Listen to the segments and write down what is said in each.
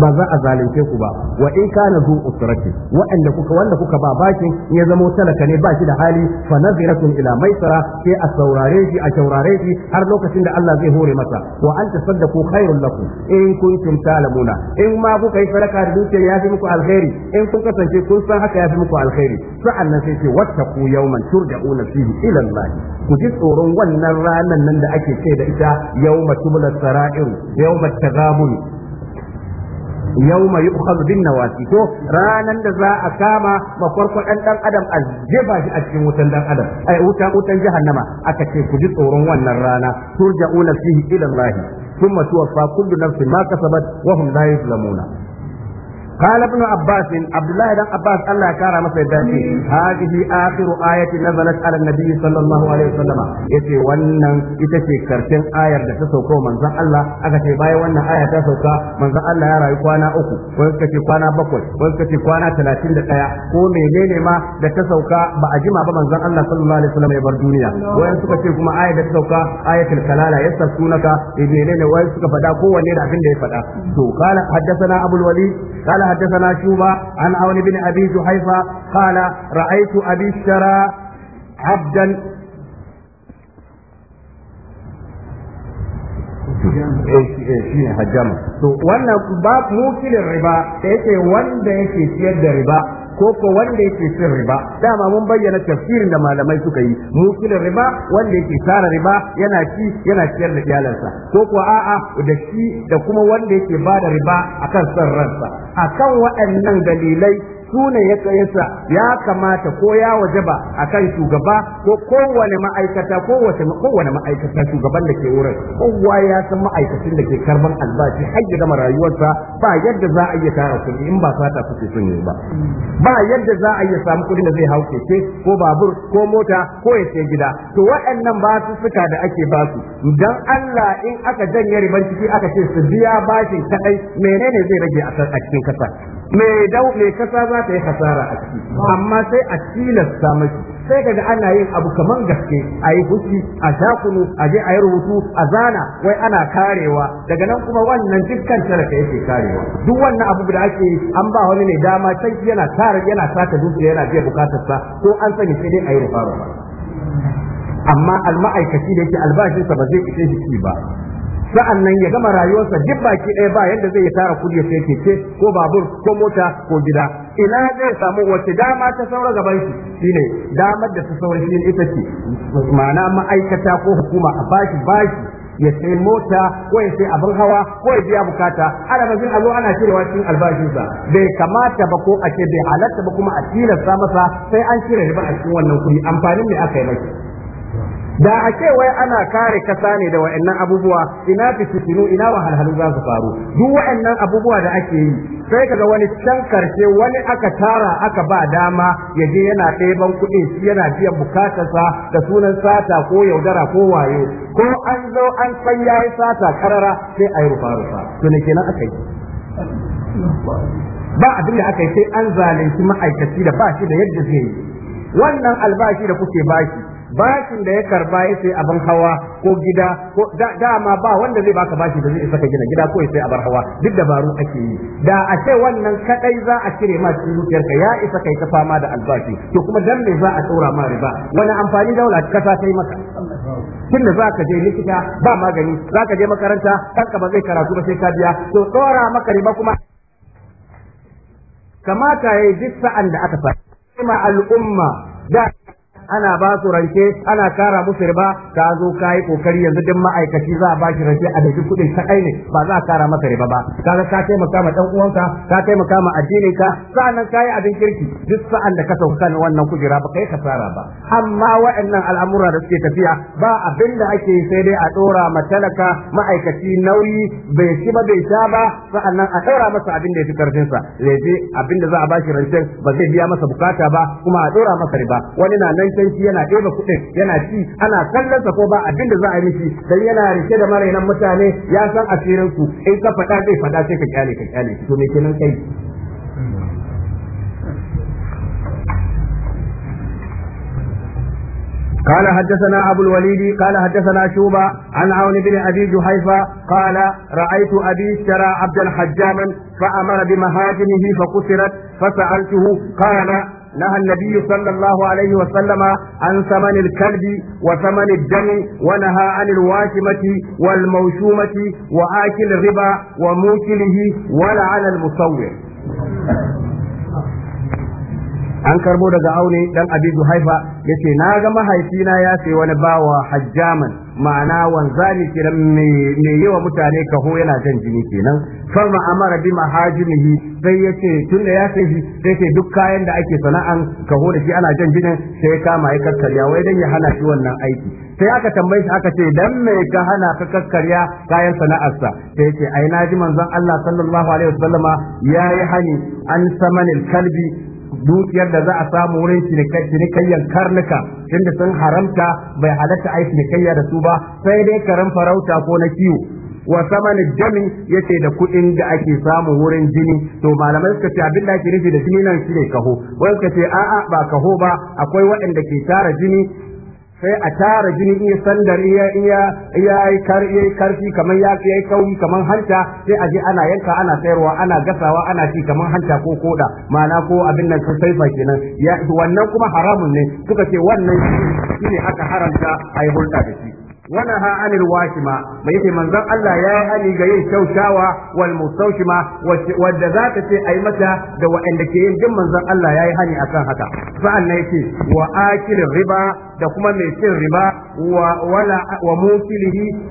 ba za a zalunce ku ba wa in kana zu usrati wa'anda kuka wanda kuka ba bakin ya zama talaka ne ba shi da hali fa naziratun ila maisara sai a saurare shi a saurare shi har lokacin da Allah zai hore masa wa an tasaddaqu khairul lakum in kuntum ta'lamuna in ma kuka yi sadaka da dukiyar ya fi muku alkhairi in kun kasance kun san haka ya fi muku alkhairi sa'annan sai ce wattaqu yawman turja'una fihi ila Allah ku ji tsoron wannan ranan nan da ake ce da ita yawma tubla sara'iru yawma tagabun mai yu'khadhu bin nawasi to ranan da za a kama makwarkwadan dan adam a jefa shi a cikin wutan dan adam ai wutan wutan jahannama aka ce ku ji tsoron wannan rana turja'una fihi ila Allah thumma tuwaffa kullu nafsin ma kasabat wa hum la yuzlamuna قال ابن عباس عبد الله بن عباس الله كرم سيداتي هذه اخر ايه نزلت على النبي صلى الله عليه وسلم yace wannan ita ce karshen ayar da ta sauka manzon Allah aka ce bayan wannan aya ta sauka manzon Allah ya rayu kwana uku wani suka ce kwana bakwai wani suka ce kwana talatin da ɗaya ko menene ma da ta sauka ba a jima ba manzon Allah sallallahu alaihi wasallam ya bar duniya wani suka ce kuma ayar da ta sauka ayatul kalala wani suka faɗa kowanne da abin da ya faɗa to qala na abul حدثنا شوبة عن عون بن أبي جحيفة قال رأيت أبي اشترى عبدا wannan ba mukilin riba da yake wanda yake siyar da riba ko ko wanda yake cin riba dama mun bayyana tafsirin da malamai suka yi kila riba wanda yake tara riba yana ci yana ciyar da iyalansa ko ko a'a da shi da kuma wanda yake bada riba akan son ransa akan waɗannan dalilai su ne ya yasa ya kamata ko ya wajaba kan shugaba ko kowane ma'aikata kowace kowane ma'aikata shugaban da ke wurin kowa ya san ma'aikacin da ke karban albashi har ya rayuwarsa ba yadda za a iya tara kuɗi in ba sata suke son yi ba ba yadda za a iya samu kuɗi da zai hau keke ko babur ko mota ko ya ce gida to waɗannan ba su suka da ake ba su dan Allah in aka janye riban ciki aka ce su biya bashin kadai menene zai rage a cikin kasa mai dau mai kasa za ta yi hasara a ciki amma sai a tilasta mashi sai kaga ana yin abu kaman gaske a yi fushi a shakunu a je a yi rubutu a zana wai ana karewa daga nan kuma wannan dukkan talaka yake karewa duk wannan abu da ake an ba wani ne dama sai yana tara yana sata dukiya yana biya sa, ko an sani sai dai a yi rufa amma al-ma'aikaci da yake albashinsa ba zai ishe shi ba sa'an nan ya gama rayuwarsa duk baki ɗaya ba yadda zai tara kudi ya sai keke ko babur ko mota ko gida ina zai samu wace dama ta saura gaban shi ne, damar da ta saura shi ita ce ma'ana ma'aikata ko hukuma a bashi bashi ya sai mota ko ya sai abin hawa ko ya biya bukata ana bazin a zo ana cirewa cikin albashinsa bai kamata ba ko a ce bai halatta ba kuma a tilasta masa sai an cire ba a cikin wannan kuɗi amfanin ne aka yi maki da a ce wai ana kare kasa ne da wa'annan abubuwa ina fitinu ina wahalhalu za su faru duk wa'annan abubuwa da ake yi sai kaga wani can karshe wani aka tara aka ba dama ya je yana ɗeban kuɗi yana biyan bukatarsa da sunan sata ko yaudara ko wayo ko an zo an san yayi sata karara sai a yi rufa to ne kenan aka yi ba abin da aka yi sai an zalunci ma'aikaci da ba shi da yadda zai yi wannan albashi da kuke bashi bashin da ya karba ya sai abin hawa ko gida ko dama ba wanda zai baka bashi da zai isa ka gina gida ko ya sai abar hawa duk dabaru ake yi da a ce wannan kadai za a cire ma cikin zuciyarka ya isa kai ta fama da albashi to kuma dan me za a tsora ma riba wani amfani daula kasa ta yi maka tunda za ka je likita ba magani za ka je makaranta kanka ba zai karatu ba sai ka biya to tsora maka riba kuma kamata ya yi duk sa'an da aka sa ma al'umma da ana ba su rance ana kara musu riba ka zo ka yi kokari yanzu duk ma'aikaci za a ba shi rance a daki kuɗin kaɗai ne ba za a kara masa riba ba kaga ka taimaka ma ɗan uwanka ka taimaka ma addinin ka sa'annan ka yi abin kirki duk sa'an da ka sauka ne wannan kujera ba kai kasara ba amma waɗannan al'amura da suke tafiya ba abin da ake sai dai a ɗora ma talaka ma'aikaci nauyi bai ci ba bai sha ba sa'annan a ɗora masa abin da ya fi karfinsa zai je abin da za a ba shi rancen ba zai biya masa bukata ba kuma a ɗora masa riba wani na nan can shi yana ɗeba kuɗin yana ci ana kallon sa ko ba abin da za a mishi dan yana rike da marainan mutane ya san asirin ku in ka faɗa zai faɗa sai ka kyale ka kyale to me kenan kai قال حدثنا أبو الوليد قال حدثنا شوبة عن عون بن أبي جحيفة قال رأيت أبي اشترى عبدا حجاما فأمر بمهاجمه فقصرت فسألته قال نهى النبي صلى الله عليه وسلم عن ثمن الكلب وثمن الدم ونهى عن الواشمة والموشومة وآكل الربا وموكله ولعن المصور an karbo daga aune dan abi zuhaifa yace na ga mahaifina ya sai wani bawa hajjaman ma'ana wanzani kiran me yawa mutane kaho yana jan jini kenan farma amara bi mahajimihi sai yace tunda ya sai sai ce duk kayan da ake sana'an kaho da shi ana jan jinin sai ya kama ya kakkarya wai dan ya hana shi wannan aiki sai aka tambaye shi aka ce dan me ka hana ka kakkarya kayan sana'arsa sai yace ai naji manzon Allah sallallahu alaihi wasallama yayi hani an samanil kalbi dukiyar da za a samu wurin cinikayyar karnuka inda sun haramta bai halatta ai cinikayya da su ba sai dai karan farauta ko na kiwo wa saman jami yace da kuɗin da ake samu wurin jini to malamai suka ce abin da ake nufi da jini nan ne kaho wai suka ce a'a ba kaho ba akwai waɗanda ke tara jini sai a tara jini iya sandar iya iya iya yi karfi kamar ya yi kauri kamar hanta sai a je ana yanka ana sayarwa ana gasawa ana ci kaman hanta ko koda ma'ana ko abin nan sai fa kenan ya wannan kuma haramun ne suka ce wannan shi ne aka haramta ai hulɗa da shi ونهى عن الواشمة ما يتي من ذا الله يا أني جاي شوشاوة والمستوشمة والدذات في أي متى دو أن كيين جم من ذا الله يا هني أكان هكا فأنا يتي وآكل الربا da kuma mai cin riba wa wala wa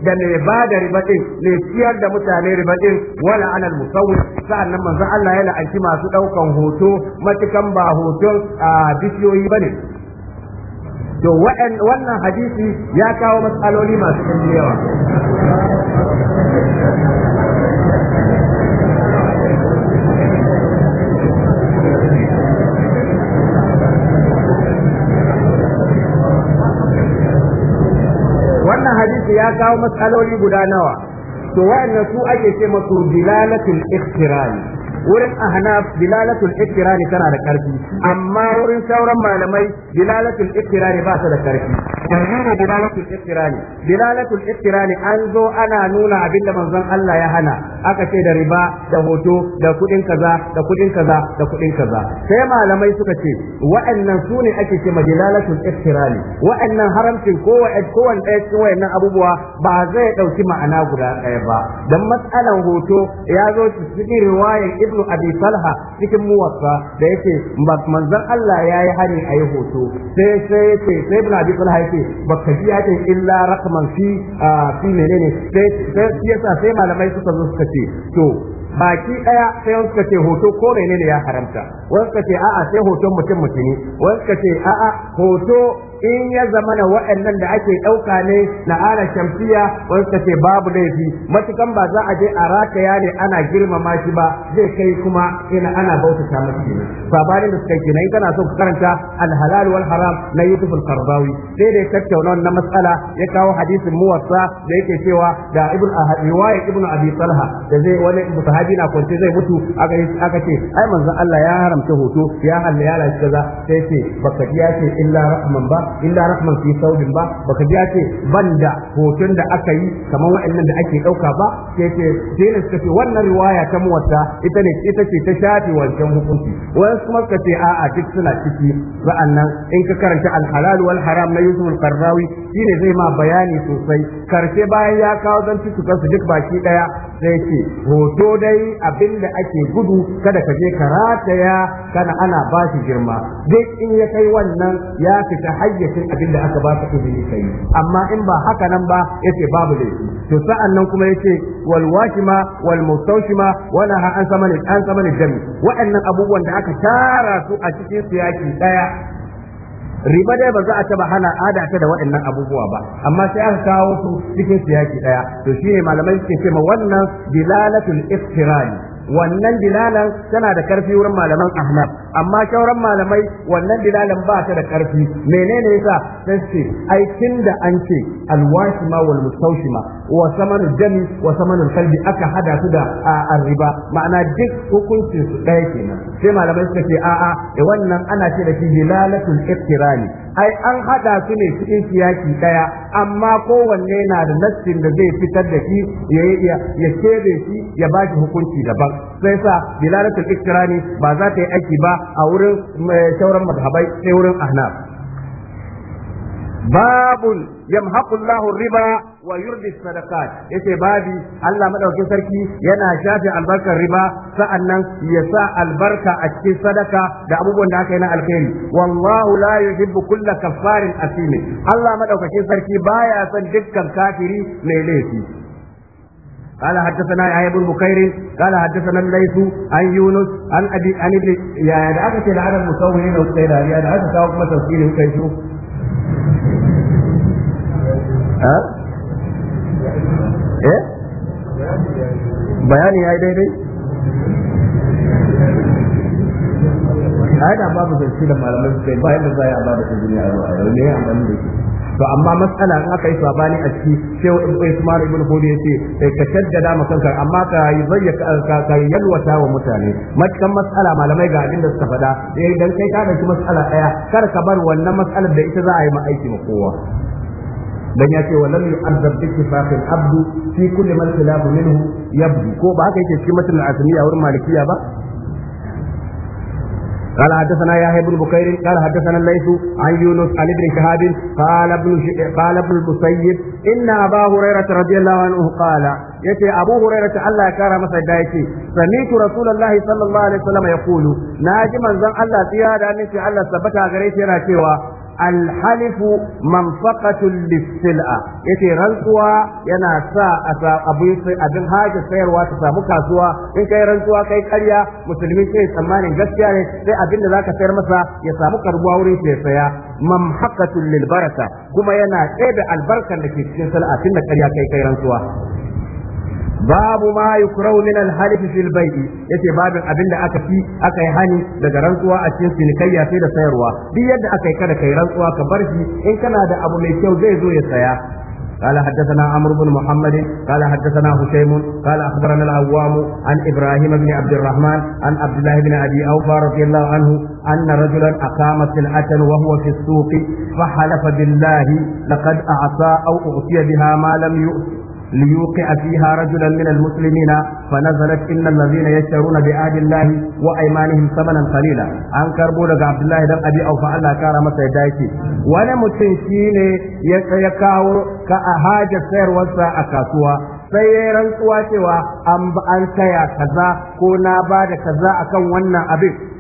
da mai ba da riba ɗin, mai ciyar da mutane riba din wala sa'an musawwir sa'annan manzo Allah ya la'anci masu ɗaukan hoto matukan ba hoton a bishiyoyi bane to wannan hadisi ya kawo matsaloli masu yawa wannan hadisi ya kawo matsaloli guda nawa to wa'annan su ake ce masu dilalatul ikhtirani wurin ahnaf dilalatul iktirani tana da karfi amma wurin sauran malamai dilalatul iktirani ba ta da karfi dalilin bilalatul iftirani dilalatul iftirani an zo ana nuna abinda manzon Allah ya hana aka ce da riba da hoto da kudin kaza da kudin kaza da kudin kaza sai malamai suka ce wa'annan sune ake ce dilalatul iftirani wa'annan haramcin ko kowanne ɗaya cikin wa'annan abubuwa ba zai dauki ma'ana guda ɗaya ba dan matsalan hoto ya zo cikin riwayar ibnu abi talha cikin muwaffa da yake manzon Allah ya yi hani a yi hoto sai sai sai ibnu abi talha ce ka ji yakin illa rakaman fi fi menene sai yasa sai malamai suka zo suka ce to baki daya sai wasu ce hoto ko menene ya haramta suka ce a'a sai hoton mutum mutumi suka ce a'a hoto in ya zama na waɗannan da ake ɗauka ne na ana shamsiya wani ce babu laifi matukan ba za a je a rataya ne ana girmama shi ba zai kai kuma ina ana ta masu ne sabanin da suka kenan kana so ka karanta alhalal wal haram na yusuf al karbawi sai da tattauna wannan matsala ya kawo hadisin muwassa da yake cewa da ibn riwaya ibn abi talha da zai wani mutahabi na kwance zai mutu aka aka ce ai manzon Allah ya haramta hoto ya halayya ya kaza sai ce baka ce illa rahman ba illa rahman fi saudin ba baka ji ce banda hoton da aka yi kamar wa'annan da ake dauka ba sai ce dole suka ce wannan riwaya ta muwatta ita ne ita ce ta shafi wancan hukunci wani kuma suka ce a'a duk suna ciki sa'annan in ka karanta al-halal wal haram na Yusuf al-Qarrawi shine zai ma bayani sosai karshe bayan ya kawo zan ci su duk baki daya sai ce hoto dai abinda ake gudu kada ka je karataya, ya kana ana ba shi girma duk in ya kai wannan ya fita cin abin da aka ba su izini kai amma in ba haka nan ba ce babu laifi to sa'an nan kuma yace wal washima wal mustawshima wala ha an samani an samani jami waɗannan abubuwan da aka tara su a cikin siyaki daya riba dai ba za a taba hana ada da waɗannan abubuwa ba amma sai aka kawo su cikin siyaki ɗaya, to shine malamai suke cewa wannan dilalatul iftirani wannan dilalan tana da karfi wurin malaman ahnaf amma shauran malamai wannan dilalan ba ta da karfi menene yasa sai aikin da an ce alwashima wal mustawshima wa samanu jami wa samanu kalbi aka hada su da arriba ma'ana duk hukuncin su ɗaya kenan sai malamai suka ce a'a da wannan ana ce da shi hilalatul iftirani ai an hada su ne cikin siyaki daya amma kowanne na da nassin da zai fitar da shi ya ya kebe shi ya ba hukunci daban sai sa hilalatul iftirani ba za ta yi aiki ba a wurin eh, shauran madhabai sai wurin ahnaf Babu yamhaqu Allahu riba wa yurbi sadaqat yace babi Allah madaukakin sarki yana shafe albarkar riba sa'annan ya sa albarka a cikin sadaka da abubuwan da aka yi na alkhairi wallahu la yuhibbu kulla kaffarin asim Allah madaukakin sarki baya son dukkan kafiri mai laifi قال حدثنا يحيى بن بكير قال حدثنا الليث عن يونس عن ابي عن ابن يا ادعك العالم مسوين وسيدنا يا ادعك تاوك ما تسكين وكيشو ha eh bayani daidai ai da babu zance da malamai su kai bayan da za a ba da su duniya a yau ne amfani da shi to amma matsala in aka yi sabani a ciki sai ibn Ismail ibn ya ce, ka shaddada ma kanka amma ka yi zayyaka ka yalwata wa mutane matkan matsala malamai ga abin da suka faɗa eh kai ka dauki matsala ɗaya? kar ka bar wannan matsalar da ita za a yi ma aiki ma kowa dan ya ce walam yu'azzab bi kifafil abdu fi kulli man khilafu minhu yabdu ko ba haka yake cikin matan al-asmiya wurin malikiya ba قال حدثنا يحيى بن بكير قال حدثنا الليث عن يونس عن ابن شهاب قال ابن قال ابن المسيب ان ابا هريره رضي الله عنه قال yace abu hurairah ta Allah ya kara masa da yace samitu rasulullahi sallallahu alaihi wasallam yaqulu naji manzon Allah tsira da annabi Allah sabata gare shi yana cewa الحلف منفقة للسلعة يتي رنسوا ينا ساعة أبيص أبن حاجة سير واتسامو كاسوا إن كي رنسوا كي كريا مسلمين كي سماني جسياني سي أبن ذاك سير مسا يسامو كربوا وري سيسيا ممحقة للبركة كما ينا إيب البركة لكي سلعة كنا كريا كي كي رنسوا babu ma yukrahu al-halif fil bai'i yace babin abin da aka fi aka yi hani daga rantsuwa a cikin sinikayya sai da sayarwa duk yadda aka yi kada kai rantsuwa ka bar shi in kana da abu mai kyau zai zo ya saya قال حدثنا عمرو بن محمد قال حدثنا هشيم قال اخبرنا العوام عن ابراهيم بن عبد الرحمن عن عبد الله بن ابي اوفى رضي الله عنه ان رجلا اقام سلعه وهو في السوق فحلف بالله لقد اعطى او اعطي بها ما لم يؤت ليوقع فيها رجلا من المسلمين فنزلت إن الذين يشترون بعهد الله وأيمانهم ثمنا قليلا أن كربو لك عبد الله دم أبي أو فعل كارم سيدايتي ولا متنشين يكاو كأهاج السير وسا أكاسوا sai ya rantsuwa cewa an saya kaza ko na ba da kaza akan wannan abin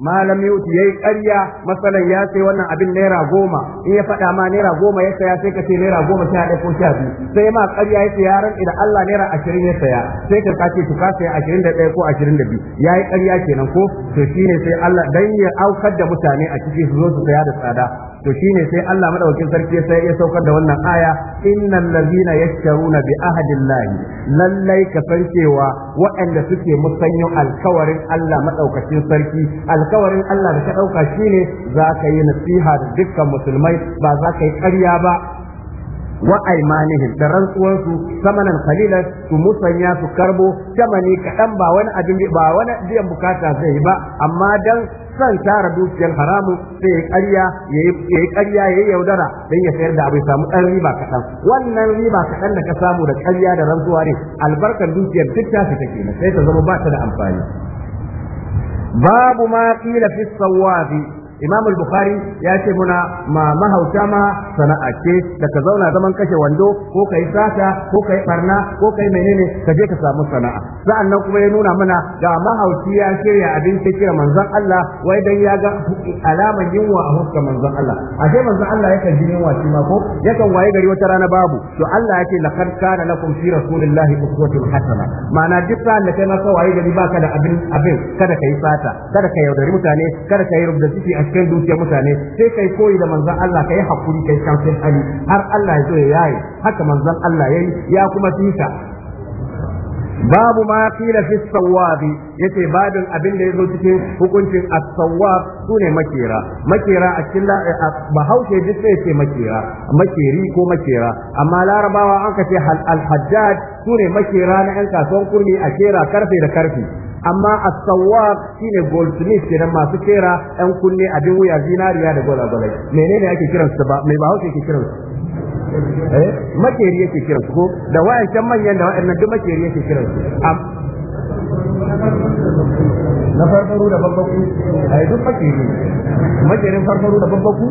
malam yuti yayi ƙarya masalan ya sai wannan abin naira goma in ya faɗa ma naira goma ya saya sai ka ce naira goma sha ɗaya ko sha biyu sai ma ƙarya ya ce yaran idan Allah naira ashirin ya saya sai ka kace to ka saya ashirin da ɗaya ko ashirin da biyu yayi ƙarya kenan ko to shine sai Allah dan ya aukar da mutane a cikin su zo su saya da tsada to shine sai Allah madaukakin sarki sai ya saukar da wannan aya innal ladzina yashtaruna bi ahdillahi lallai ka san cewa waɗanda suke musanyo alkawarin Allah madaukakin sarki alkawarin Allah da ka dauka shine za ka yi nasiha da dukkan musulmai ba za ka yi ƙarya ba wa aimanihim da rantsuwansu samanan kalilan su musanya su karbo tamani kaɗan ba wani abin ba wani biyan bukata zai yi ba amma dan son tara dukiyar haramun sai ya ƙarya ya yi ƙarya ya yaudara don ya sayar da abu samu ɗan riba kaɗan wannan riba kaɗan da ka samu da ƙarya da rantsuwa ne albarkar dukiyar duk ta fita kenan sai ta zama ba ta da amfani babu ma qila fi sawabi imam bukhari ya ce muna ma mahauta ma sana'a ce da ka zauna zaman kashe wando ko kai sata ko kai barna ko kai menene ka je ka samu sana'a nan kuma ya nuna mana ga mahauci ya shirya abin ta kira manzon Allah wai dan ya ga alaman yunwa a huskar manzon Allah ashe manzon Allah yakan ji yunwa shi ma ko yakan waye gari wata rana babu to Allah yake laqad kana lakum fi rasulillahi uswatun hasana ma'ana duk sa'an da kai ma ka waye gari baka da abin abin kada kai sata kada ka yaudari mutane kada ka yi rubda ciki a cikin dukiyar mutane sai kai koyi da manzon Allah kai hakuri kai kafin hali har Allah ya zo ya yayi haka manzon Allah yayi ya kuma fita babu ma qila fi sawabi yace babin abin da yazo cikin hukuncin as-sawab sune makera makera a cikin bahaushe duk sai ce makera makeri ko makera amma larabawa an ka ce al sune makera na yan kasuwan kurmi a kera karfe da karfe amma as-sawab shine goldsmith kenan masu kera yan kunne abin wuya zinariya da gwalagwalai menene ake kiransu ba mai bahaushe ke kiransu eh makeri yake kiran su ko da wayancan manyan da wayannan duk makeri yake kiran su na farfaro da babbaku a yi duk makeri makerin farfaro da babbaku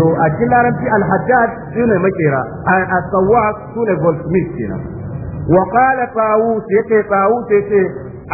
to a cikin larabci alhaddad su ne makera a tsawwa su ne goldsmith kenan wa qala tawus yake tawus yace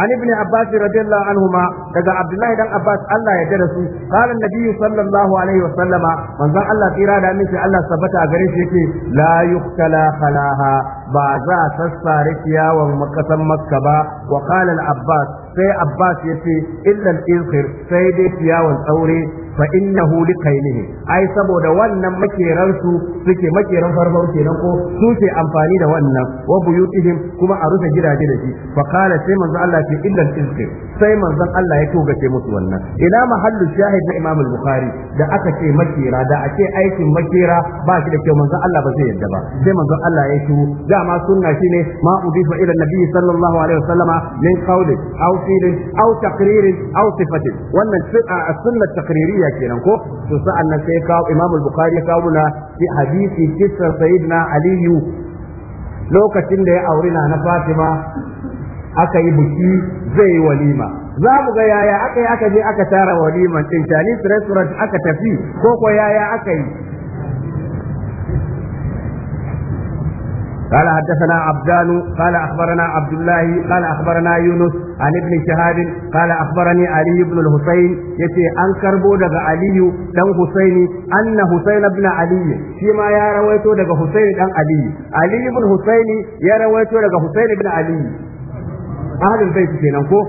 عن ابن عباس رضي الله عنهما دغا عبد الله بن عباس الله يدرس قال النبي صلى الله عليه وسلم من ذا الله تيرا دا مشي الله ثبتا غري يكي لا يقتلى خلاها با ذا تسارك يا ومكة مكة با وقال العباس sai abbas ya ce illal insir sai dai ciyawan tsaure fa innahu liqainihi ai saboda wannan makeran su suke makeran farfaru kenan ko su ke amfani da wannan wa buyutihim kuma a rufe gidaje da shi fa qala sai manzo Allah ce illal insir sai manzon Allah ya togace musu wannan ina mahallu shahid na Imam al-Bukhari da aka ce makera da ake aikin makera ba shi da kyau manzon Allah ba zai yadda ba sai manzon Allah ya shiru dama sunna shine ma udifa ila nabi sallallahu alaihi wasallama min qawli aw tafsil aw taqrir aw sifat wannan sunna taqririyya kenan ko to sa'an nan sai kawo ya kawo na hadisi kissa sayyidina Ali lokacin da ya aure na na Fatima aka yi walima za mu ga yaya aka aka je aka tara waliman din tani aka tafi ko ko yaya aka قال حدثنا عبدان قال أخبرنا عبد الله قال أخبرنا يونس عن ابن شهاب قال أخبرني علي بن الحسين يتي أنكر بودغ علي دم حسين أن حسين بن علي فيما يا رويتو دغ حسين دم علي علي بن حسين يا رويتو دغ حسين بن علي ahalin bait kenan ko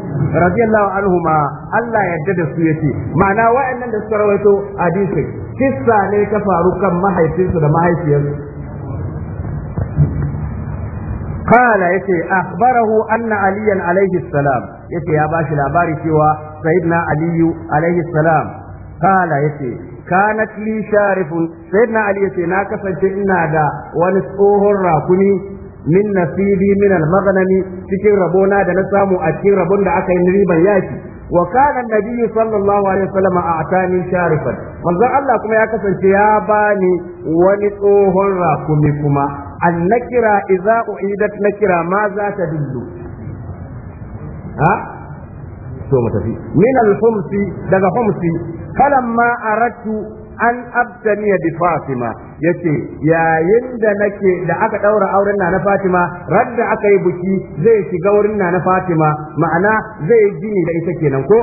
radiyallahu anhuma Allah yadda da su yace ma'ana wa'annan da suka rawaito hadisi kissa ne ta faru kan mahaifinsu da mahaifiyarsu qala yace akhbarahu anna aliyan alaihi salam yace ya bashi labari cewa sayyidina aliyu alaihi salam qala yace kanat li sharifun sayyidina ali yace na kasance ina da wani tsohon rakuni min nasibi min al cikin rabona da na samu a cikin rabon da aka yi riban yaki wa kana nabiyyu sallallahu alaihi wasallam a'tani sharifan manzon Allah kuma ya kasance ya bani wani tsohon rakumi kuma النكرة إذا أعيدت نكرة ماذا تدل ها ثم تفي من الحمص دغ حمص فلما أردت an abtaniya bi Fatima yace yayin da nake da aka daura auren na na Fatima radda aka yi buki zai shiga wurin na na Fatima ma'ana zai jini da ita kenan ko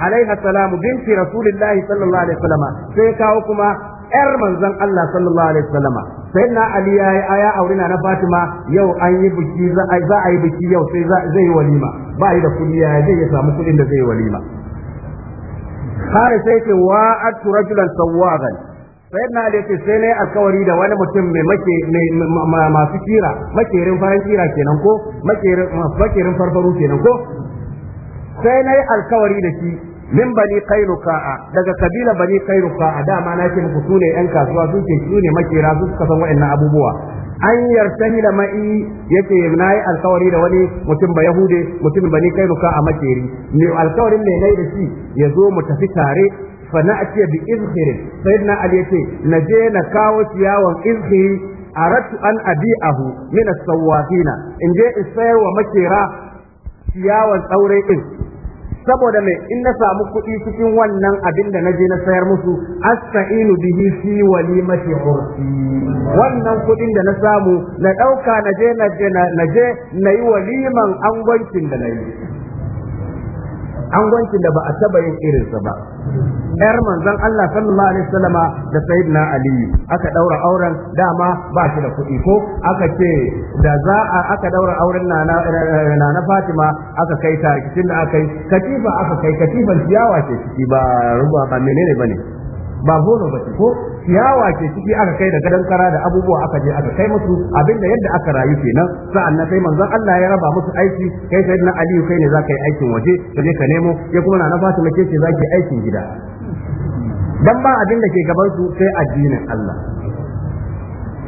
alaiha salamu binti rasulillahi sallallahu alaihi wasallam sai kawo kuma yar manzon Allah sallallahu alaihi wasallama na Ali ya aya aure na na Fatima yau an yi biki za a yi biki yau sai zai yi walima ba yi da kudi ya zai ya samu kudin da zai yi walima kare sai ce wa atu rajulan sai na Ali ce sai ne alkawari da wani mutum mai make mai masu kira makerin farin kira kenan ko makerin makerin farfaro kenan ko sai na yi alkawari da shi min bani kairuka daga kabila bani a dama na ce muku sune yan kasuwa su ke sune makera su suka san wa'annan abubuwa an yartahi da ma'i yake na yi alkawari da wani mutum ba yahude mutum bani a makeri ne alkawarin ne yi da shi ya zo mu tafi tare fa na ake bi izhirin na ali yace na je na kawo ciyawan izhiri aratu an abi'ahu min as-sawafina in je in wa makera ciyawan tsaurai din saboda me in na samu kuɗi cikin wannan abin da na je na sayar musu asta'inu bihi fi walimati urfi wannan kuɗin da na samu na ɗauka na je na je na je na yi waliman angwancin da na yi angwancin da ba a taba yin irinsa ba yar manzan Allah sallallahu alaihi wasallama da sayyidina Aliyu aka ɗaura auren dama ba shi da kuɗi ko aka ce da za a aka ɗaura auren Nana eh, na Fatima aka kai ta kicin da aka yi katifa aka kai katifan ciyawa ce ciki ba ruba ba menene bane ba bono ba ko ciyawa ke ciki aka kai da gadon kara da abubuwa aka je aka kai musu abinda yadda aka rayu kenan na sai manzon Allah ya raba musu aiki kai sai na Aliyu kai ne za ka yi aikin waje ka je ka nemo ya kuma na Fatima ke ce zaki aikin gida dan ba abin da ke gaban su sai addinin Allah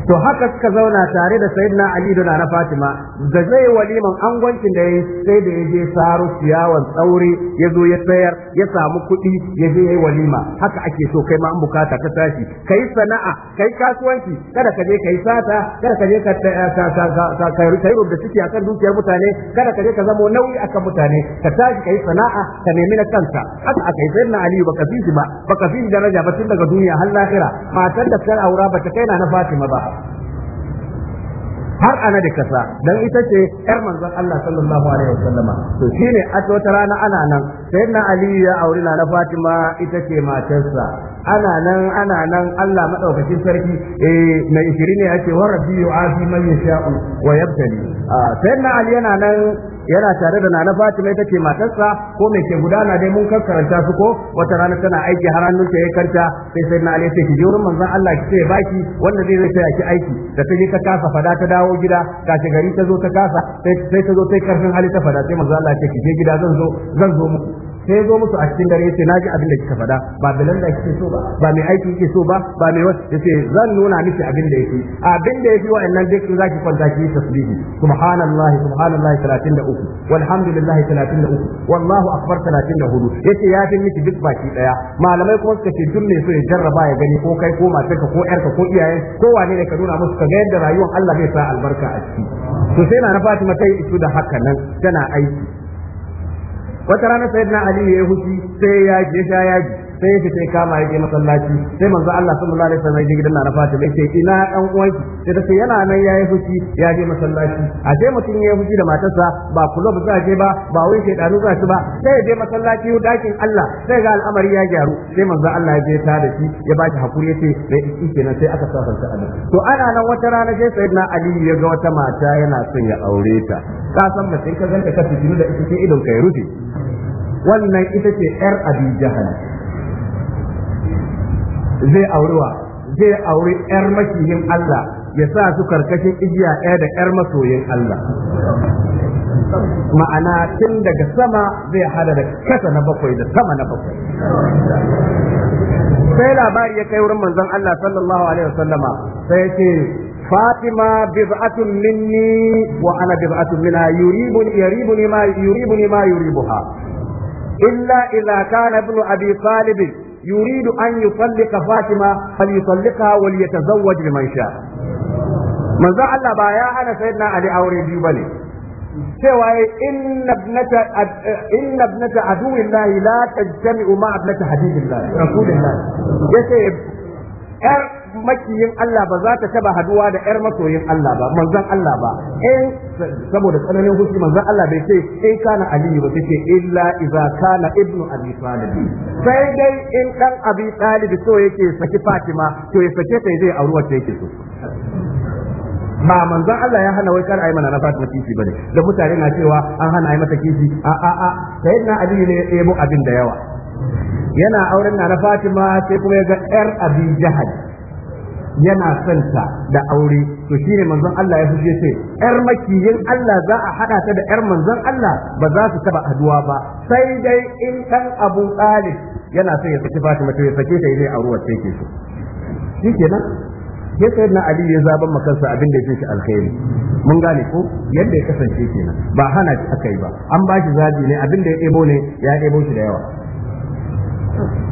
to haka suka zauna tare da sayyidina ali da na fatima da zai waliman angwancin da yayi sai da yaje saro ciyawan tsaure ya zo ya sayar ya samu kuɗi ya je yayi walima haka ake so kai ma an bukata ka tashi kai sana'a kai kasuwanci kada ka je yi sata kada ka je ka kai rubda ciki akan dukiyar mutane kada ka je ka zama nauyi akan mutane ka tashi yi sana'a ka nemi na kanka haka aka yi sayyidina ali baka fi ba baka fi daraja ba tun daga duniya har lahira matar da kar aura bata kai na na fatima ba har ana da kasa dan ita ce yar manzon Allah sallallahu alaihi wasallama to shine a wata rana ana nan sayyidina Ali ya aure na Fatima ita ce matarsa ana nan ana nan Allah madaukakin sarki eh na 20 ne ake wa rabbi yu'afi man yasha'u wa yabtali ah, na ali yana nan yana tare da nana Fatima ita ce matarsa ko mai ke gudana dai mun karkaranta su ko wata rana tana aiki har hannun ta ya karta sai sai na ali sai ki wurin manzon Allah ki ce baki wanda zai zai ki aiki da ta je ta kasa fada ta dawo gida kace gari ta zo ta kasa sai ta zo sai karfin hali ta fada sai manzon Allah ya ce ki je gida zan zo zan zo muku sai zo musu a cikin dare yace ji abin da kika faɗa ba bilan da kike so ba ba mai aiki kike so ba ba mai wasu yace zan nuna miki abin da yake abin da yake wa'annan duk za zaki kwanta ki yi tasbihi subhanallahi subhanallahi 33 walhamdulillahi 33 wallahu akbar 34 yace ya fi miki duk baki daya malamai kuma suka ce duk mai so ya jarraba ya gani ko kai ko matarka ko yarka ko iyaye ko wane ne ka nuna musu ka ga yadda rayuwar Allah zai sa albarka a ciki to sai na Fatima ta yi da haka nan tana aiki wata rana sayyidina ali ya hushi sai ya je sha yaji sai ya fita kama ya je masallaci sai manzo Allah sallallahu alaihi wasallam ya gidan na Fatima yace ina dan uwanki sai ta ce yana nan yayi fushi ya je masallaci a sai mutum ya fushi da matarsa ba kullum za je ba ba wai sai za shi ba sai ya je masallaci dakin Allah sai ga al'amari ya gyaru sai manzo Allah ya je ta da shi ya ba shi hakuri yace sai kenan sai aka safanta Allah to ana nan wata rana sai sayyidina Ali ya ga wata mata yana son ya aure ta ka san mace ka ganta ka fitinu da ita sai idon ka ya rufe wannan ita ce yar abin jahannam zai aurewa zai aure yar makiyin Allah ya sa su karkashin igiya ɗaya da yar masoyin Allah ma'ana tun daga sama zai hada da kasa na bakwai da sama na bakwai sai labari ya kai wurin manzon Allah sallallahu alaihi wasallama sai ce فاطمة بضعة مني وأنا بضعة منها يريبني يريبني ما يريبني ما يريبها إلا إذا كان ابن أبي طالب يريد أن يطلق فاطمة فليطلقها وليتزوج لمن شاء من ذا الله بايا أنا سيدنا علي أوري ديوبالي سواي إن ابنة إن ابنة عدو الله لا تجتمع مع ابنة حديث الله رسول الله يسيب makiyin Allah ba za ta taba haduwa da ƴar masoyin Allah ba manzon Allah ba in eh, saboda tsananin hukunci manzon Allah bai ce in kana aliyu ba ce illa idza kana ibnu abi talib sai dai in dan abi talib so yake saki Fatima to ya sake ta zai auri wacce yake so ba manzon Allah ya hana wai kar ayi mana na Fatima kishi bane da mutane na cewa an hana ayi mata kifi a a a sayyidina Ali ne ya yebo abin da yawa yana auren na Fatima sai kuma ya ga ƴar Abi Jahal yana santa da aure to shine manzon Allah ya fice ce yar makiyin Allah za a hada ta da yar manzon Allah ba za su taba aduwa ba sai dai in kan Abu Talib yana son ya saki Fatima ta ya sake ta zai aure sai ke so kenan sai sayyidina Ali ya zaban makansa abin da yake shi alkhairi mun gane ko yadda ya kasance kenan ba hana shi akai ba an ba shi zabi ne abin da ya ebo ne ya ebo shi da yawa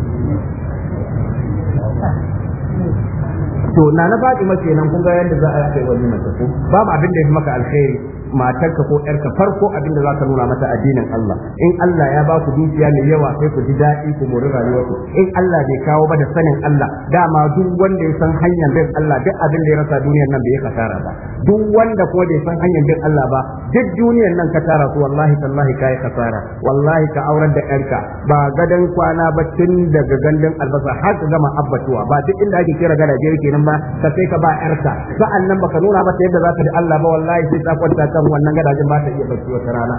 to na na mace kenan kun ga yadda za a yi wannan mace ko babu abin da ya maka alkhairi matarka ko yarka farko abin da zaka nuna mata addinin Allah in Allah ya baku dukiya mai yawa sai ku ji daɗi ku mori rayuwarku in Allah bai kawo ba da sanin Allah dama duk wanda ya san hanyar bin Allah duk abin da ya rasa duniyar nan bai yi kasara ba duk wanda kuma bai san hanyar bin Allah ba duk duniyar nan ka tara su wallahi tallahi kai kasara wallahi ka aurar da yarka ba gadan kwana ba tun daga gandun albasa har ka gama abbatuwa ba duk inda ake kira gadaje kenan ba ka sai ka ba yarka sa'an nan baka nuna ta yadda za ka da Allah ba wallahi sai ta kwanta kan samu wannan gadajen ba ta iya barci wata rana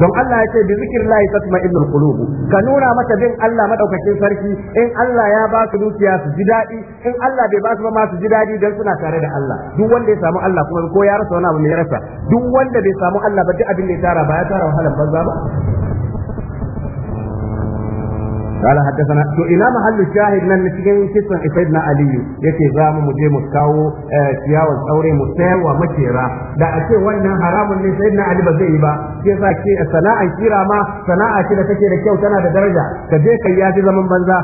don Allah ya ce bi tatma ibnul qulub ka nuna mata bin Allah madaukakin sarki in Allah ya ba su dukiya su ji daɗi in Allah bai ba su ba ma su ji dadi dan suna tare da Allah duk wanda ya samu Allah kuma ko ya rasa wani abu mai rasa duk wanda bai samu Allah ba duk abin da ya tara ba ya tara wahalan banza ba قال حدثنا تو الى محل الشاهد من cikin kisan sayyidina ya yace za mu je mu kawo ciyawar aure mu sayar wa makera da a ce wannan haramun ne sayyidina ali ba zai yi ba sai sa ke sana'an kira ma sana'a ce da take da kyau tana da daraja ta je kai zaman banza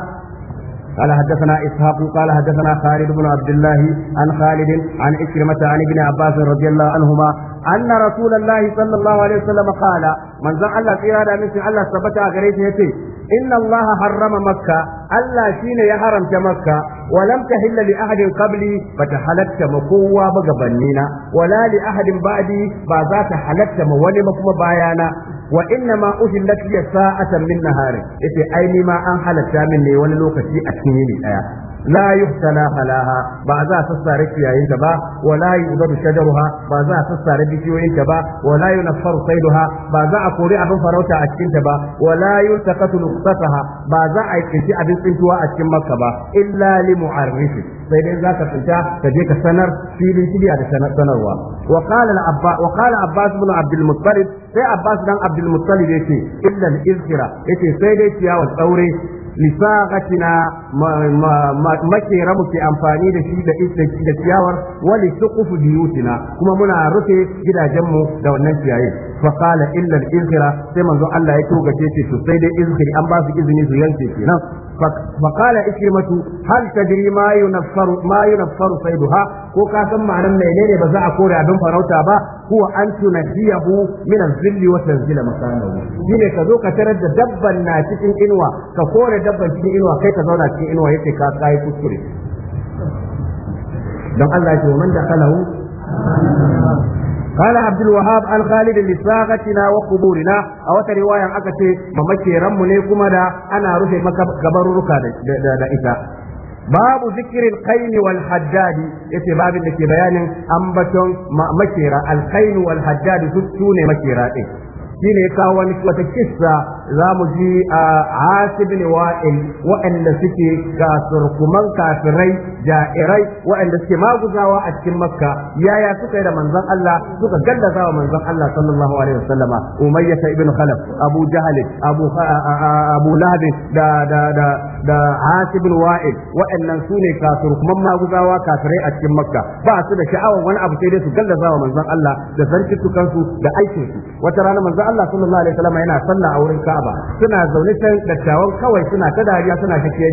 قال حدثنا اسحاق قال حدثنا خالد بن عبد الله عن خالد عن عكرمة عن ابن عباس رضي الله عنهما أن رسول الله صلى الله عليه وسلم قال من زعل الله في هذا الله ثبت أغريته inna allaha harrama makka allah shi ne ya haramta makka wa lam tahilla li ahadin qabli ba ta halatta ma kowa ba ga bannina, wala li'ahadin ahadin ba za ta halatta ma wani ba kuma bayana wa inna ma uhillat li sa'atan min nahari yace aini ma an halatta min ne wani lokaci a cikin yini daya la yuhtala halaha ba za sassare kiyayen ba wa ba za sassare bishiyoyin ba wa la ba za a kori abin farauta a cikin ta ba wa ba za a yi abin tsintuwa a cikin makka ba illa li sai dai za ka tsinta ka je ka sanar filin da sanarwa abbas sai abbas dan abdul muttalib yace illa al yace sai dai ciyawar tsaure lisaqatina makera muke amfani da shi da da ciyawar wali suquf biyutina kuma muna rufe gidajenmu da wannan ciyayin fa qala illa sai manzo Allah ya togace shi to sai dai an ba su izini su yanke kenan Fakala qala ikrimatu hal tadri ma yunaffaru ma yunaffaru sayduha ko ka san ma'anar menene ba za a kore abin farauta ba huwa an tunahiyahu min az-zilli wa tanzila Shi ne ka zo ka tarar da dabban na cikin inuwa ka kore dabban cikin inuwa kai ka zauna cikin inuwa yake ka kai kuskure don Allah ya ce man dakalahu قال عبد الوهاب عن خالد لصاغتنا وقبورنا او روايه اكته ran mu ne kuma da ana rufe maka gabarurruka da ita babu zikirin kaini wal haddadi yace babin da ke bayanin ambaton makera alkaini wal haddadi su ne makera din shine ya kawo wani wata kissa za mu ji a hasib ne wa'il waɗanda suke ga kafirai ja'irai wa'anda suke maguzawa a cikin makka yaya suka yi da manzon Allah suka gallaza wa manzon Allah sallallahu alaihi wasallama umayya ibn khalaf abu jahl abu abu lahab da da da da hasib wa'il waɗannan su ne kasurkuman maguzawa kafirai a cikin makka ba su da sha'awar wani abu sai dai su gallaza wa manzon Allah da zartukan su da aikin su wata rana manzon Allah sallallahu alaihi wasallam yana sallah a wurin Ka'aba suna zaune can dattawan kawai suna ta dariya suna ta sai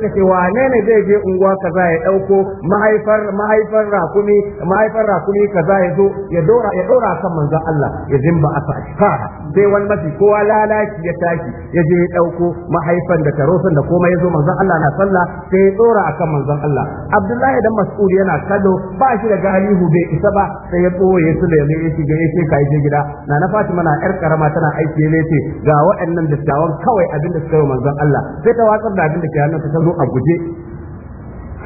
ka ce wane ne zai je unguwa kaza ya dauko mahaifar mahaifar rakumi mahaifar rakumi kaza ya zo ya dora ya dora kan manzon Allah ya zimba a fara sai wani mafi kowa lalaci ya tashi ya je ya dauko mahaifan da tarosan da komai ya zo manzon Allah na sallah sai ya dora akan manzon Allah Abdullahi dan Mas'ud yana kallo ba shi da galihu bai isa ba sai ya tsoye su da ya shiga ya ce kai gida na na Fatima na yar karama tana aiki ne ce ga waɗannan dattawan kawai abin da suka yi manzon Allah sai ta watsar da abin da ke hannunta ta zo a guje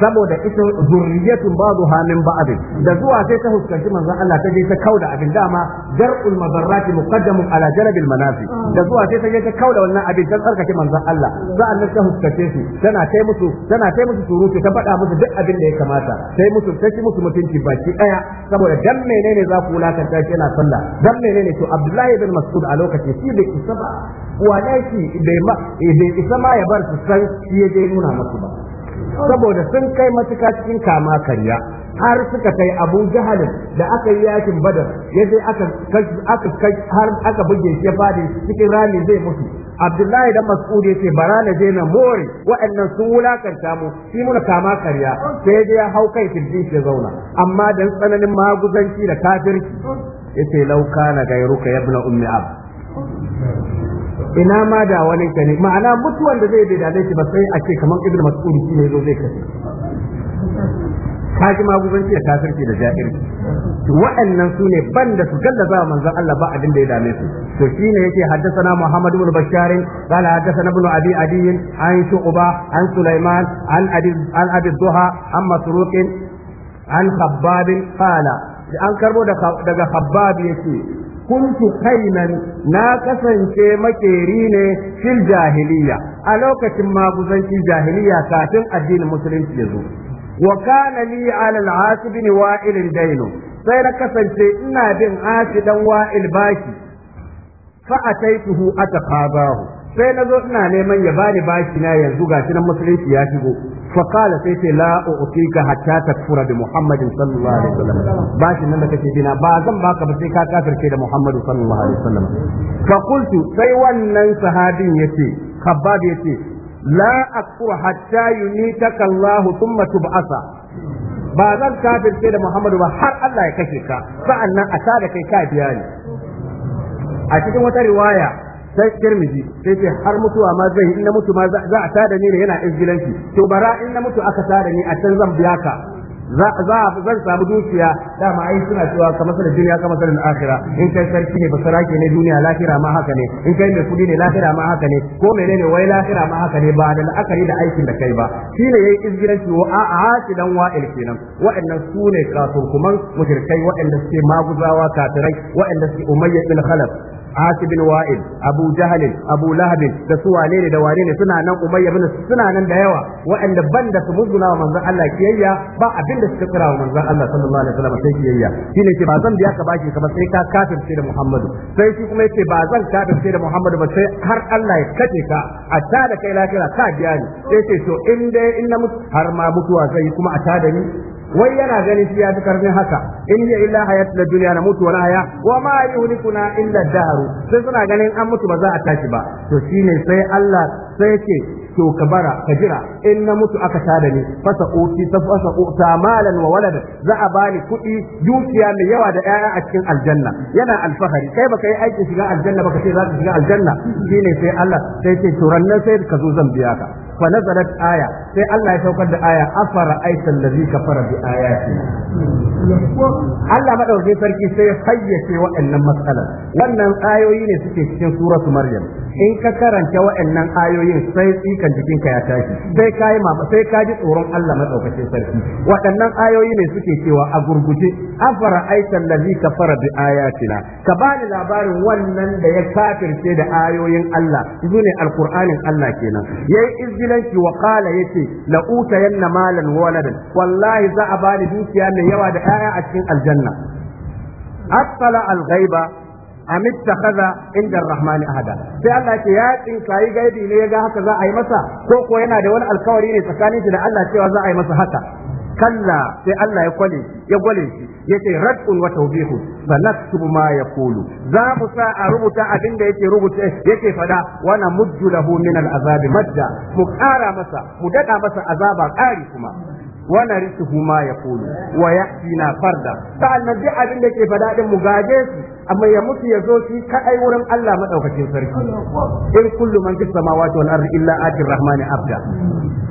saboda ita zurriyatun ba'dha min ba'd da zuwa sai ta fuskanci manzon Allah ta je ta kauda abin dama dar'ul madarrati muqaddamun ala jalabil manafi da zuwa sai ta je ta kauda wannan abin ta tsarkake manzon Allah za a ta huskace su tana kai musu tana kai musu surutu ta faɗa musu duk abin da ya kamata sai musu ta ci musu mutunci baki daya saboda dan menene za ku wulakanta shi yana sallah dan menene to Abdullahi bin Mas'ud a lokaci shi bai isa ba wane shi bai ma bai isa ma ya bar su san shi ya je nuna musu ba saboda sun kai matuka cikin kama karya har suka kai abu jahalin da aka yi yakin badar ya je har aka buge shi ya fadi cikin rami zai mutu abdullahi da mas'ud ya ce bara na je na more wa'annan sun wulakanta mu shi muna kama karya sai ya hau kai kirjin shi zauna amma dan tsananin maguzanci da kafirci yace lauka na gairuka yabna ummi ab ina ma da wani ka ma'ana mutuwan da zai bai shi ba sai a ce kamar ibnu mas'ud shi ne zo zai kashe ji magubanci da kafirci da jahilci to waɗannan su ne banda su za wa manzon Allah ba abin da ya dame su to shine yake haddathana Muhammad ibn Bashar qala haddathana ibn Abi Adi an Shu'ba an Sulaiman an Abi an Abi Duha an Masruq an Khabbab qala an karbo daga Khabbab yake kuntu kainan na kasance makeri ne fil jahiliya a lokacin maguzanci jahiliya kafin addinin musulunci ya zo wa kana li ala al-asib wa'il dainu sai na kasance ina bin asidan wa'il baki fa ataituhu ataqabahu sai na zo ina neman ya bani baki na yanzu ga nan musulunci ya shigo fa sai ce la utika hatta takfura bi muhammadin sallallahu alaihi wasallam Bashi nan da kake dina ba zan baka ba sai ka kafirce da muhammadu sallallahu alaihi wasallam fa qultu sai wannan sahabin yace khabbab yace la akfur hatta yunitaka allah thumma tub'asa ba zan kafirce da muhammadu ba har Allah ya kashe ka sa'annan a tada kai ka biya ni a cikin wata riwaya sai tirmidhi sai ce har mutuwa ma zai in na mutu ma za a tada ni da yana izgilanci to bara in na mutu aka tada ni a can zan biya ka za zan samu dukiya dama ai suna cewa kamar sanin duniya kamar sanin akhira in kai sarki ne basarake ne duniya lahira ma haka ne in kai mai kudi ne lahira ma haka ne ko menene wai lahira ma haka ne ba da la'akari da aikin da kai ba shi ne yayi izgilanci wa a'a dan wa'il kenan wa'annan su ne kafurkuman mushrikai wa'anda suke maguzawa kafirai wa'anda suke umayyad bin khalaf Asi bin Wa'il, Abu Jahal, Abu Lahab da su wane ne da wane ne suna nan Umayya bin suna nan da yawa waɗanda ban da su muzguna wa manzon Allah kiyayya ba abin da suka kira wa manzon Allah sallallahu alaihi wasallam sai kiyayya shine ce ba zan biya ka baki ba sai ka kafirce da Muhammadu sai shi kuma yace ba zan kafirce da Muhammadu ba sai har Allah ya kace ka a ta da kai lafiya ka biya ni sai ce to in dai in na mutu har ma mutuwa zai kuma a ta da ni wai yana ganin shi ya fi karfin haka in ya illa hayatu da duniya na mutu wa haya wa ma yuhlikuna illa daru sai suna ganin an mutu ba za a tashi ba to shine sai Allah sai ce to ka bara ka jira in na mutu aka tada ni fasa uti fasa uta malan wa za a bani kuɗi dukiya mai yawa da ƴaƴa a cikin aljanna yana alfahari kai baka yi aikin shiga aljanna baka ce za ka shiga aljanna shine sai Allah sai ce to rannan sai ka zo zan biya ka fa nazalat aya sai Allah ya saukar da aya afara aitan ladhi kafara bi ayati Allah madaukakin sarki sai ya fayyace waannan matsalar wannan ayoyi ne suke cikin suratu maryam in ka karanta waɗannan ayoyin sai tsikan jikinka ya tashi sai kai ma sai ka ji tsoron Allah madaukakin sarki waɗannan ayoyi ne suke cewa a gurguje afara aitan ladhi kafara bi ayatina ka bani labarin wannan da ya kafirce da ayoyin Allah zune alqur'anin Allah kenan yayi izgilanci wa qala yace yace la utayanna malan waladan wallahi za a bani dukiya mai yawa da 'ya'ya a cikin aljanna attala al-ghaiba am ittakhadha inda rahmani ahada sai Allah ce ya tsinkayi gaibi ne ya ga haka za a yi masa ko ko yana da wani alkawari ne tsakanin shi da Allah cewa za a yi masa haka kalla sai Allah ya kwale shi ya gwale shi yace rad'un wa tawbihu sanaktubu ma yaqulu za mu sa a rubuta abin da yake rubuta yake fada wa namuddu lahu min azabi madda mu kara masa mu dada masa azaba kari kuma wa huma ya yaqulu wa yahsina farda sa'annan duk abin da ke fada din mu gaje su amma ya mutu ya zo shi kai wurin Allah madaukakin sarki in kullu man fis samawati wal ardi illa atir rahmani abda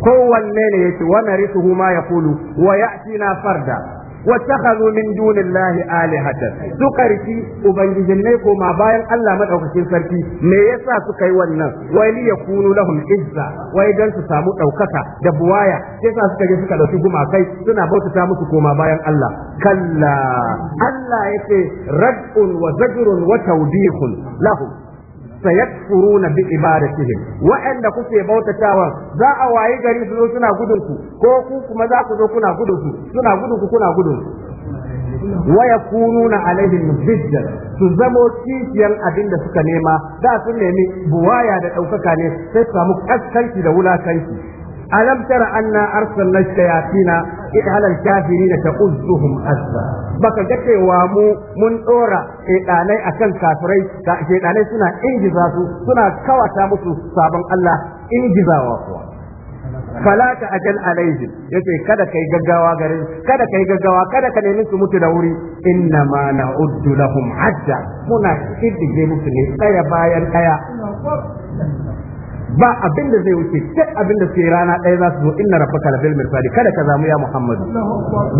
kowanne ne yake wa huma ya kulu wa yahsina farda واتخذوا من دون الله آلهة سكرتي أبنجزن لكم ما باين ألا ما أوكسين سرتي ميسا يسا سكي ونا يكون لهم إزة ويدن سسامو أوكسا دبوايا كيسا سكي سكي لو شكو ما كي سنا بوت سامو سكو ما باين ألا كلا ألا يكي رجع وزجر وتوديخ لهم sayakfuruna bi ibadatihim waɗanda kuke bautatawa za a wayi gari su zo suna gudun ku ko ku kuma za ku zo kuna gudun ku suna gudun ku kuna gudun ku wa yakununa alaihim hujja su zamo kishiyar abin da suka nema da sun nemi buwaya da ɗaukaka ne sai su samu kaskanci da wulakanci alam tara anna arsalna shayatina idhala al-kafirin taquzuhum azza baka ga cewa mu mun dora shedanai akan kafirai shedanai suna ingiza su suna kawata musu sabon Allah ingizawa kuwa fala ta ajal alaihi yace kada kai gaggawa gare kada kai gaggawa kada ka nemi su mutu da wuri inna ma na'uddu lahum hajja muna kiddige musu ne tsaya bayan tsaya. ba abin da zai wuce duk abin da suke rana ɗaya za su zo inna rabbaka labil mirsad kada ka zamu ya muhammadu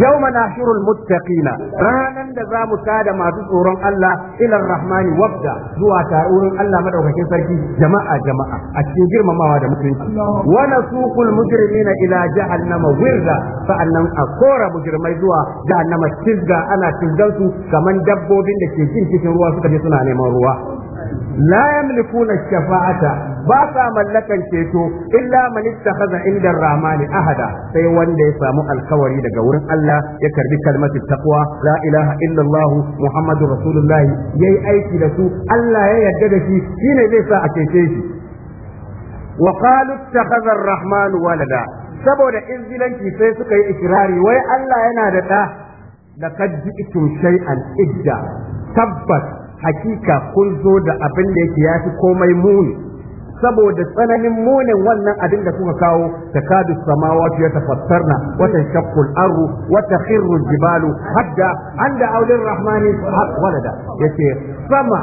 yawma nashurul muttaqina ranan da zamu tada masu tsoron Allah ila rahmani wabda zuwa tarurin Allah madaukakin sarki jama'a jama'a a cikin girmamawa da mutunci wa nasuqul mujrimina ila jahannama wirda sa'annan a kora mujrimai zuwa jahannama tilga ana tilgansu kaman dabbobin da ke jin cikin ruwa suka je suna neman ruwa Layan yamlikuna shafa'ata ba sa mallakan ceto illa man ittakhadha inda rahmani ahada sai wanda ya samu alkawari daga wurin Allah ya karbi kalmatin taqwa la ilaha illa Allah muhammadur rasulullah yayi aiki da su Allah ya yarda da shi shi ne zai sa a cece shi wa qalu ittakhadha ar-rahman walada saboda izgilanci sai suka yi ikirari wai Allah yana da da laqad ji'tum shay'an idda tabbas hakika kun zo da abin da yake fi komai muni saboda tsananin munin wannan abin da kuka kawo takadu samawati yatafattarna wa tashaqqu al-ardu wa takhirru al-jibalu hadda anda aulir rahmani walada yake sama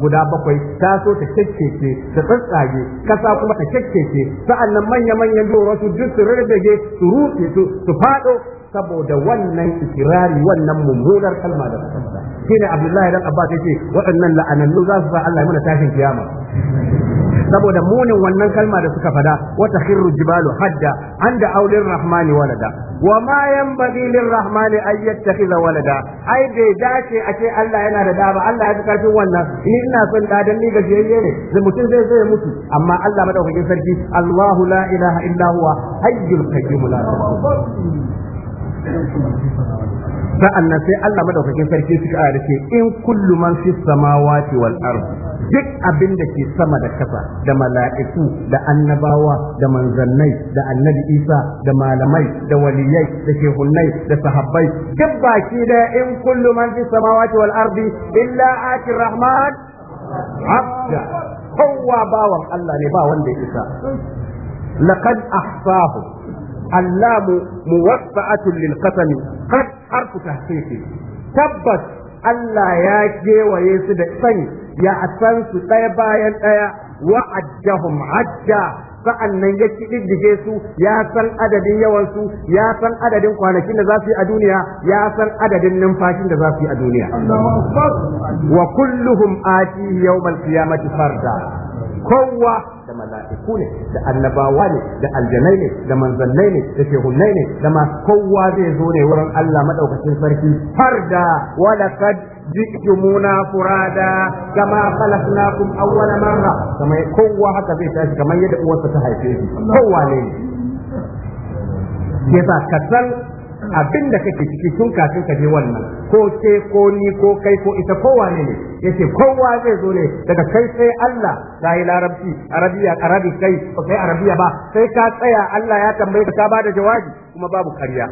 guda bakwai ta so ta kekkeke ta tsatsage kasa kuma ta kekkeke sa'annan manya manyan doro su duk su rarrage su rufe su su fado saboda wannan ikirari wannan mummunar kalma da suka shine Abdullahi dan Abbas yace waɗannan la'anannu za su sa Allah ya mana tashin kiyama saboda munin wannan kalma da suka fada wata khirru jibalu hadda anda auren rahmani walada wa ma yanbaghi lirrahmani an yattakhidha walada ai bai dace a ce Allah yana da dama Allah ya fi karfin wannan ni ina son da ni gajiyayye ne zai mutum zai zai mutu amma Allah madaukakin sarki Allahu la ilaha illa huwa hayyul qayyum la sa'annan nan sai Allah madaukakin sarki suka aya da ce in kullu man fi samawati wal ard duk abin da ke sama da kasa da mala'iku da annabawa da manzannai da annabi Isa da malamai da waliyai da shehunnai da sahabbai duk baki da in kullu man fi samawati wal ardi illa ati rahman abda kowa bawan Allah ne ba wanda ya isa laqad ahsahu اللام موفأة للقسم قد حرف تحقيق تبت Allah ya kewaye su da sani ya san su ɗaya bayan ɗaya wa'addahum adda sa'annan ya kididdige su ya san adadin yawansu ya san adadin kwanakin da za su yi a duniya ya san adadin numfashin da za su yi a duniya wa kulluhum ati yawmal qiyamati farda kowa da mala'iku ne da annabawa ne da aljanai ne da manzannai ne da shehunnai ne da masu kowa zai zo ne wurin Allah madaukakin sarki har da walakad ji'tumuna furada kama khalaqnakum awwala marra kama kowa haka zai tashi kamar yadda uwarsa ta haife shi kowa ne yasa abin da kake ciki tun kafin ka je wannan ko ke ko ni ko kai ko ita kowa ne ne yace kowa zai zo ne daga kai sai Allah ilaha larabci arabiya arabi kai ko kai arabiya ba sai ka tsaya Allah ya tambaye ka ba da jawabi kuma babu karya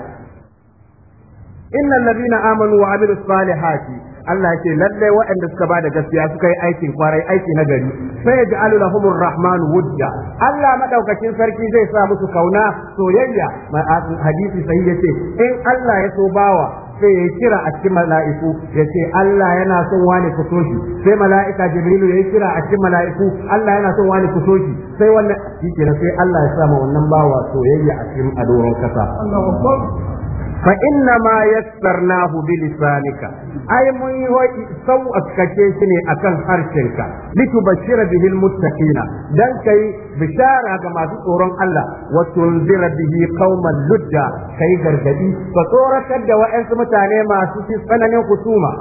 innal ladina amanu wa amilus salihati Allah ya ce lallai waɗanda suka ba da gaskiya suka yi aikin kwarai aiki na gari sai ga alu Rahmanu rahman wudda Allah madaukakin sarki zai sa musu kauna soyayya mai hadisi sai ya ce in Allah ya so bawa sai ya kira a cikin mala'iku ya ce Allah yana son wani ku shi sai mala'ika Jibrilu ya kira a cikin mala'iku Allah yana son wani ku so shi sai wannan shi sai Allah ya sa ma wannan bawa soyayya a cikin adoron kasa fa inna ma yassarnahu bi lisanika ai mun yi sau askace shi ne akan harshenka litubashira bihi almuttaqina dan kai bishara ga masu tsoron Allah wa tunzira bihi qauman ludda kai gargadi ka tsoratar da wa'ansu mutane masu tsananin kusuma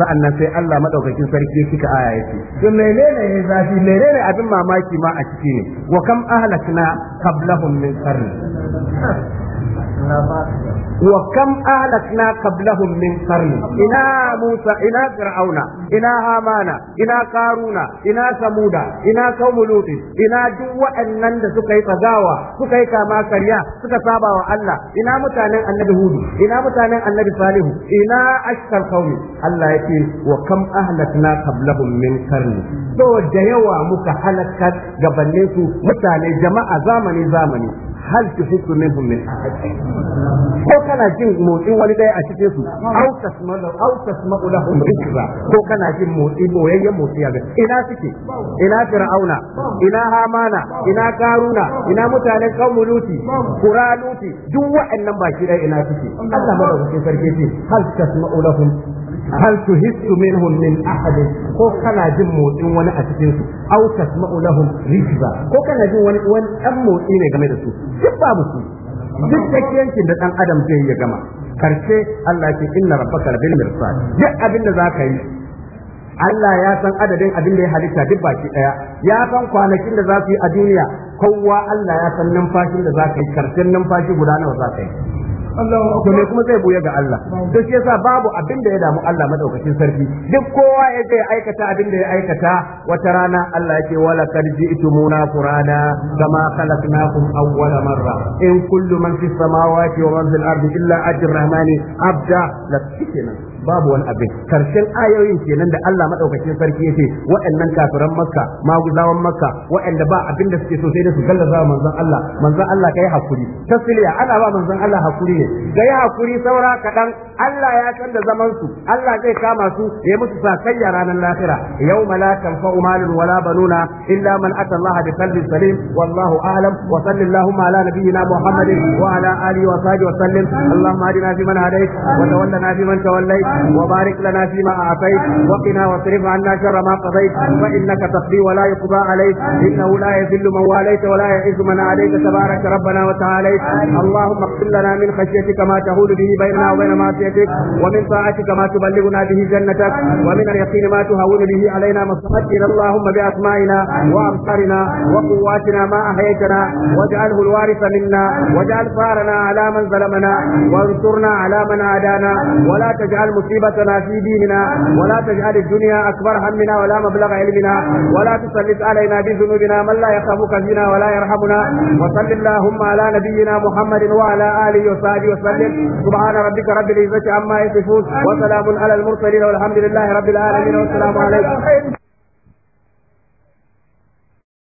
nan sai Allah madaukakin sarki suka aya yake to menene ya zafi menene abin mamaki ma a ciki ne wa kam ahlakna qablahum min qarni wa kam ahlakna qablahum min ina musa ina fir'auna ina hamana ina karuna ina samuda ina qaumul ina duk waɗannan da suka yi tsagawa suka yi kama karya suka saba wa Allah ina mutanen annabi hudu ina mutanen annabi salihu ina Askar Kauni? Allah yake wa kam ahlakna qablahum min qarni da yawa muka halartar gabanin su mutane jama'a zamani zamani hal tuhissu minhum min ko kana jin motsin wani daya a cikin su au tasma'u au tasma'u lahum ko kana jin motsi boyayyen motsi ga ina sike ina fir'auna ina hamana ina karuna ina mutanen kaumu kuraluti kura duk wa'annan baki ɗaya ina suke Allah madaukakin sarki ce hal tasma'u hal tuhissu minhum min ahad ko kana jin motsin wani a cikin su aw tasma'u lahum rijza ko kana jin wani wani motsi ne game da su duk babu su duk takiyancin da dan adam zai ya gama karshe Allah ke inna rabbaka bil mirsad duk abin da zaka yi Allah ya san adadin abin da ya halitta duk baki daya ya san kwanakin da za su yi a duniya kowa Allah ya san numfashin da za ka yi karshen numfashi guda nawa za ka yi to me kuma zai buya ga Allah to shi yasa babu abin da ya damu Allah madaukakin sarki duk kowa ya kai aikata abin da ya aikata wata rana Allah yake wala kad ji'tumuna qurana kama khalaqnakum awwal marra in kullu man fis samawati wa man fil ardi illa ajrahmani abda la babu wani abin karshen ayoyin kenan da Allah madaukakin sarki yace waɗannan kafiran makka maguzawan makka waɗanda ba abin da suke so sai da su gallaza manzon Allah manzon Allah kai hakuri tasliya ana ba manzon Allah hakuri ne kai hakuri saura kadan Allah ya san da zaman su Allah zai kama su ya musu sakayya ranar lahira yawma la tanfa'u malun wala banuna illa man ata Allah bi qalbin salim wallahu a'lam wa sallallahu ala nabiyyina muhammadin wa ala alihi wa sahbihi wa sallim اللهم اهدنا فيمن هديت وتولنا فيمن توليت وبارك لنا فيما أعطيت وقنا واصرف عنا شر ما قضيت فإنك تقضي ولا يقضى عليك إنه لا يذل من واليت ولا يعز من عليك تبارك ربنا وتعاليت اللهم اغفر لنا من خشيتك ما تهول به بيننا وبين معصيتك ومن طاعتك ما تبلغنا به جنتك ومن اليقين ما تهون به علينا مصلحتنا اللهم بأسمائنا وأبصارنا وقواتنا ما أحييتنا واجعله الوارث منا واجعل ثارنا على من ظلمنا وانصرنا على من عادانا ولا تجعل مصيبتنا في ديننا ولا تجعل الدنيا أكبر همنا ولا مبلغ علمنا ولا تسلط علينا بذنوبنا من لا يخافك فينا ولا يرحمنا وصل اللهم على نبينا محمد وعلى آله وصحبه وسلم سبحان ربك رب العزة عما يصفون وسلام على المرسلين والحمد لله رب العالمين والسلام عليكم